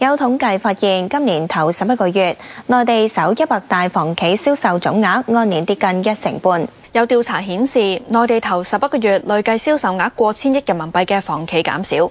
有統計發現，今年頭十一個月，內地首一百大房企銷售總額按年跌近一成半。有調查顯示，內地頭十一個月累計銷售額過千億人民幣嘅房企減少。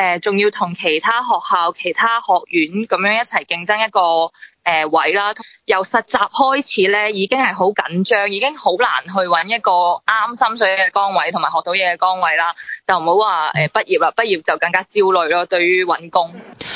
誒仲、呃、要同其他學校、其他學院咁樣一齊競爭一個、呃、位啦。由實習開始咧，已經係好緊張，已經好難去揾一個啱心水嘅崗位同埋學到嘢嘅崗位啦。就唔好話誒畢業啦，畢業就更加焦慮咯。對於揾工。